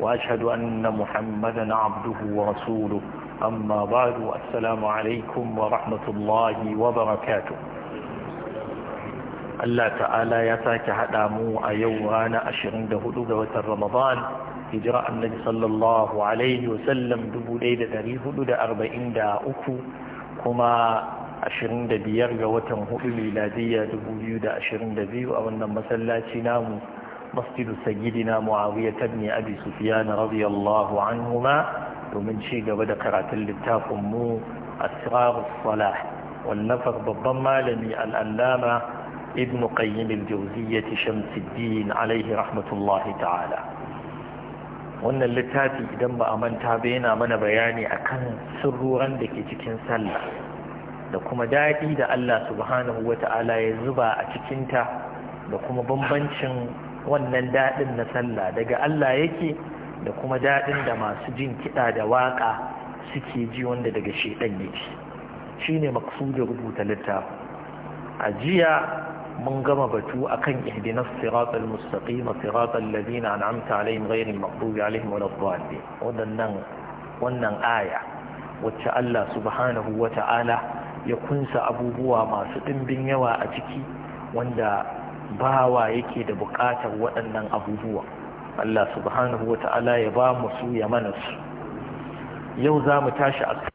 وأشهد أن na عبده amma أما بعد السلام wa ورحمة الله وبركاته Allah ta'ala ya sake haɗa mu a yau rana ashirin da hudu ga watan Ramadan, hijira annabi sallallahu Alaihi wasallam dubu ɗaya kuma ashirin ga watan hudu miladiyya da ashirin da a wannan masallaci namu مسجد سيدنا معاوية بن أبي سفيان رضي الله عنهما ومن شيء قبل قراءة اللتاف مو أسرار الصلاح والنفر بالضمة لمي الألامة ابن قيم الجوزية شمس الدين عليه رحمة الله تعالى وأن اللتاتي إذن بأمن تابعنا من بياني أكن سرورا لكي تكن سلة da kuma daɗi da Allah subhanahu wa ta'ala ya zuba a cikinta da kuma bambancin wannan daɗin na sallah daga Allah yake da kuma daɗin da masu jin kiɗa da waƙa suke ji wanda daga shaidan yake shi ne maksudin rubuta littafin a jiya mun gama batu akan ihdinas siratal mustaqim siratal ladina an'amta alaihim ghayril maghdubi alaihim waladdallin wadannan wannan aya wacce Allah subhanahu wata'ala ya kunsa abubuwa masu dimbin yawa a ciki wanda bawa yake da buƙatar waɗannan abubuwa Allah subhanahu wa ta'ala ya ba mu su ya mana su yau za mu tashi a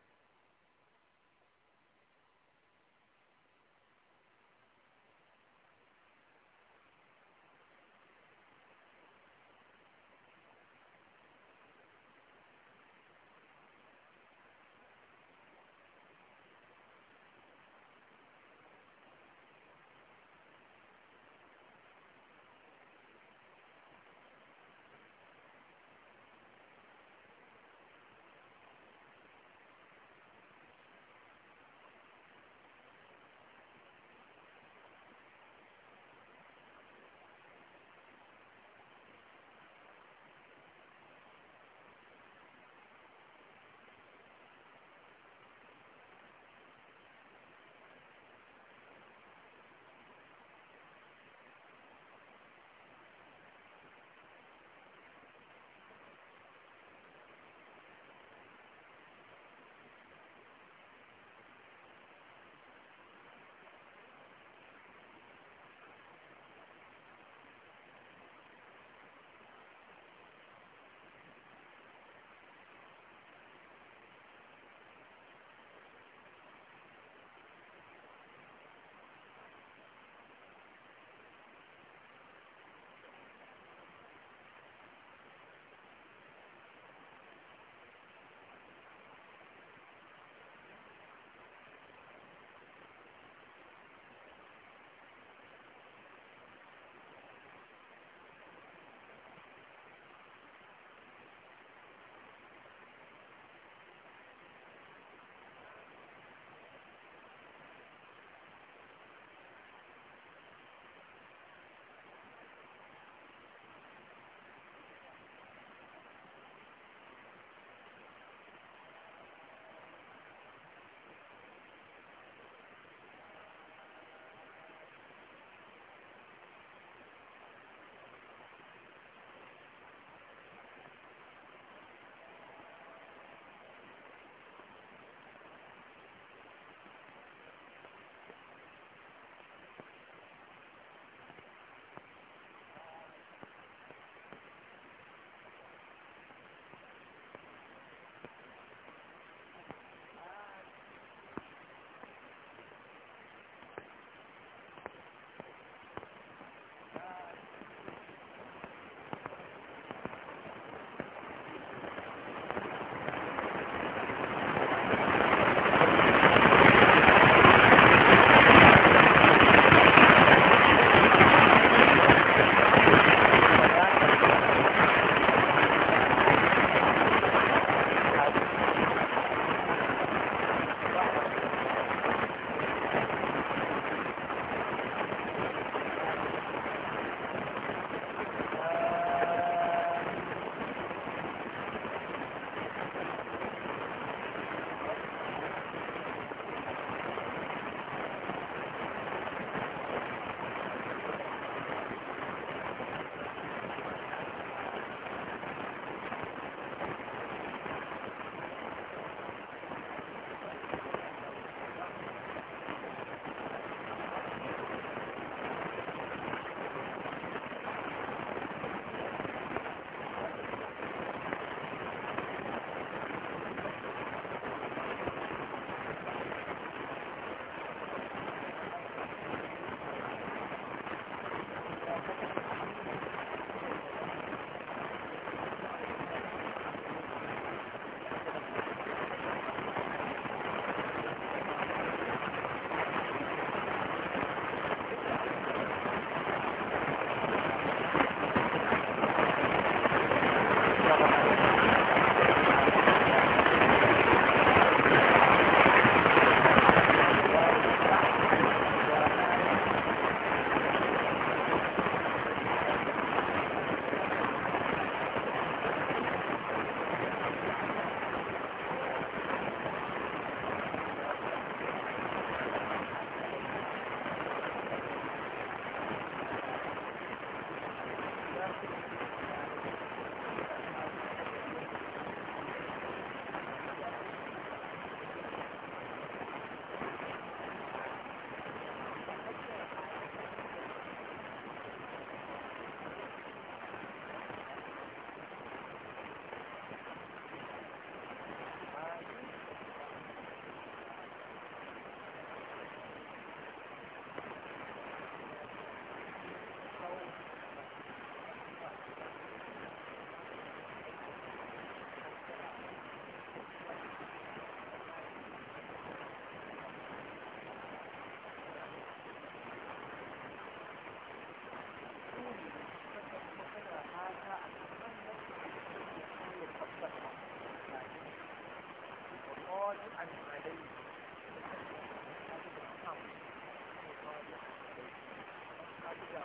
Yeah.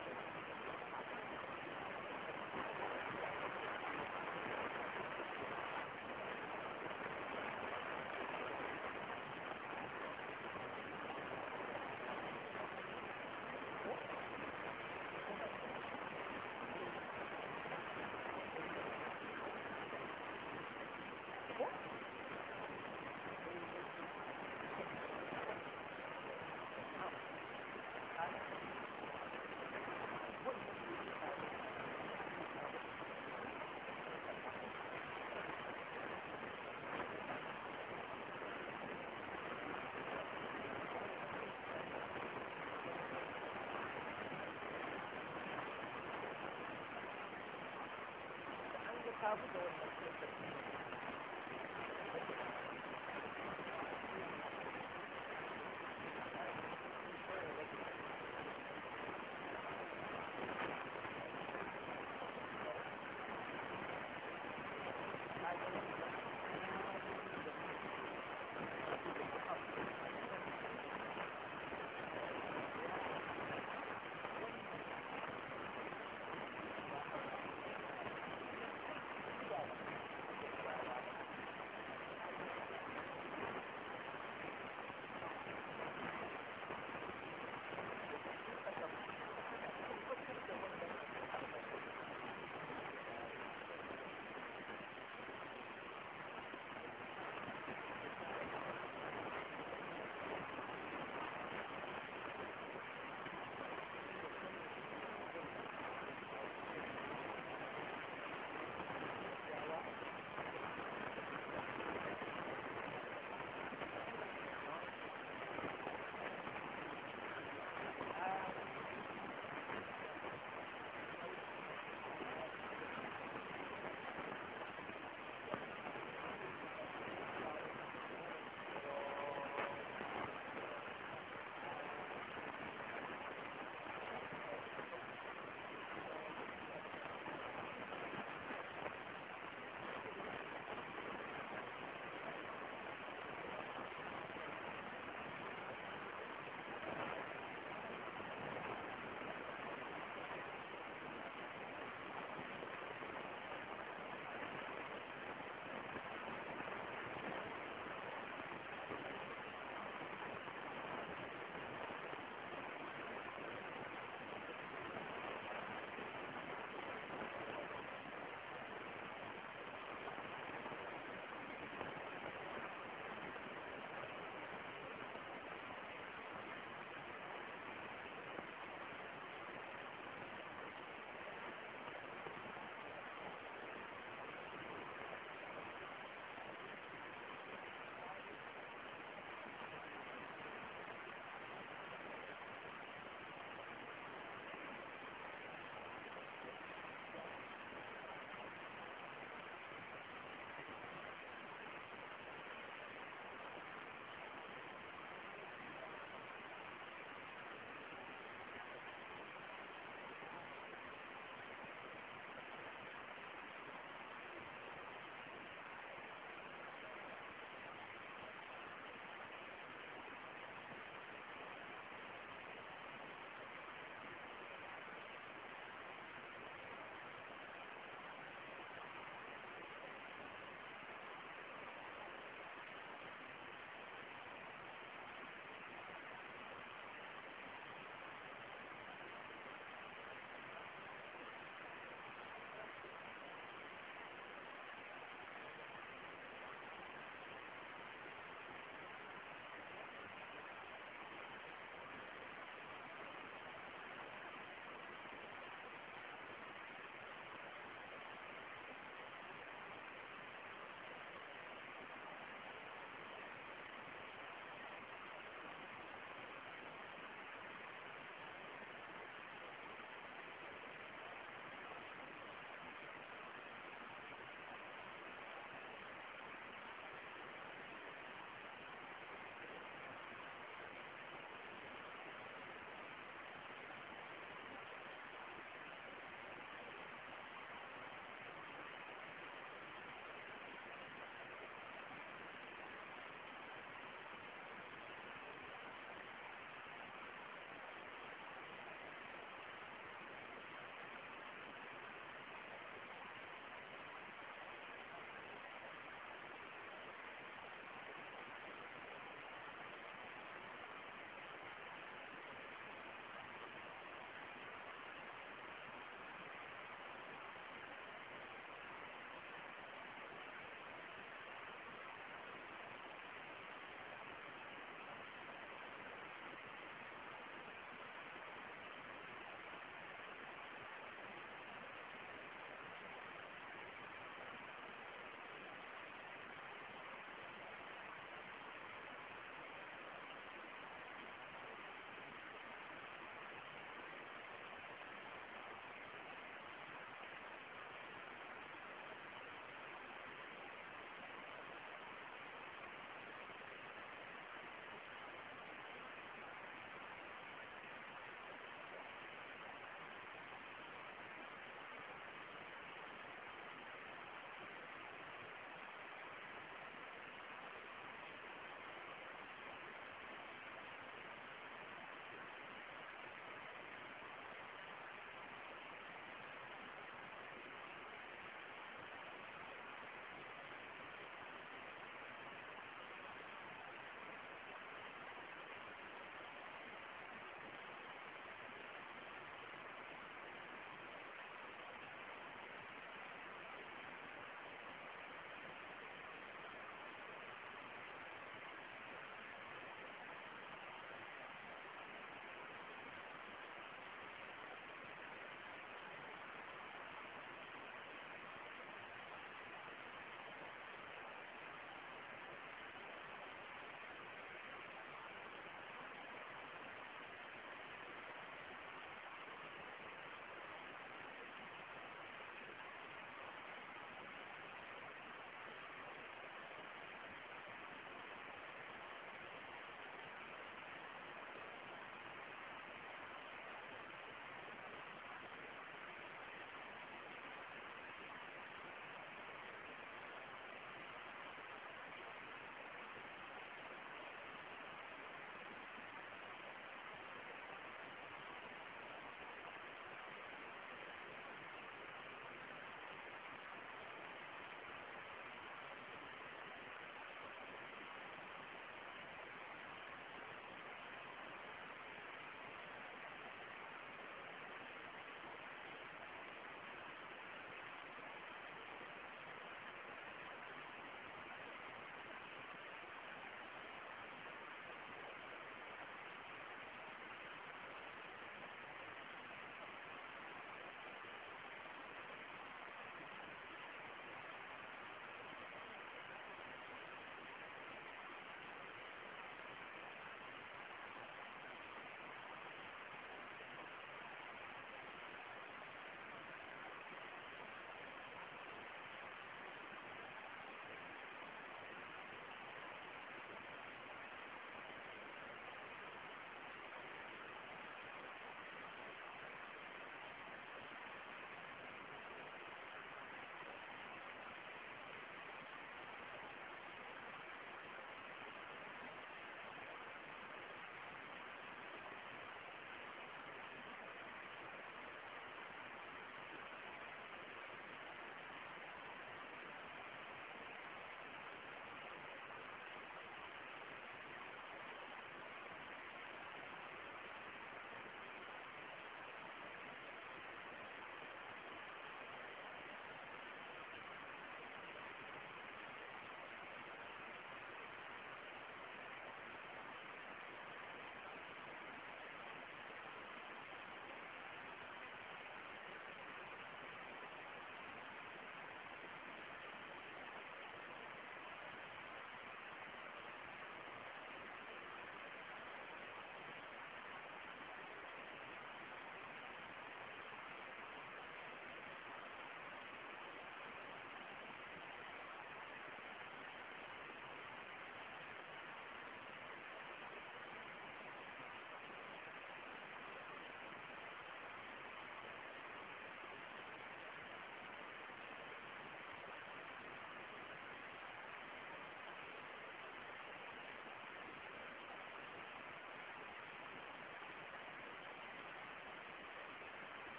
the Salvador.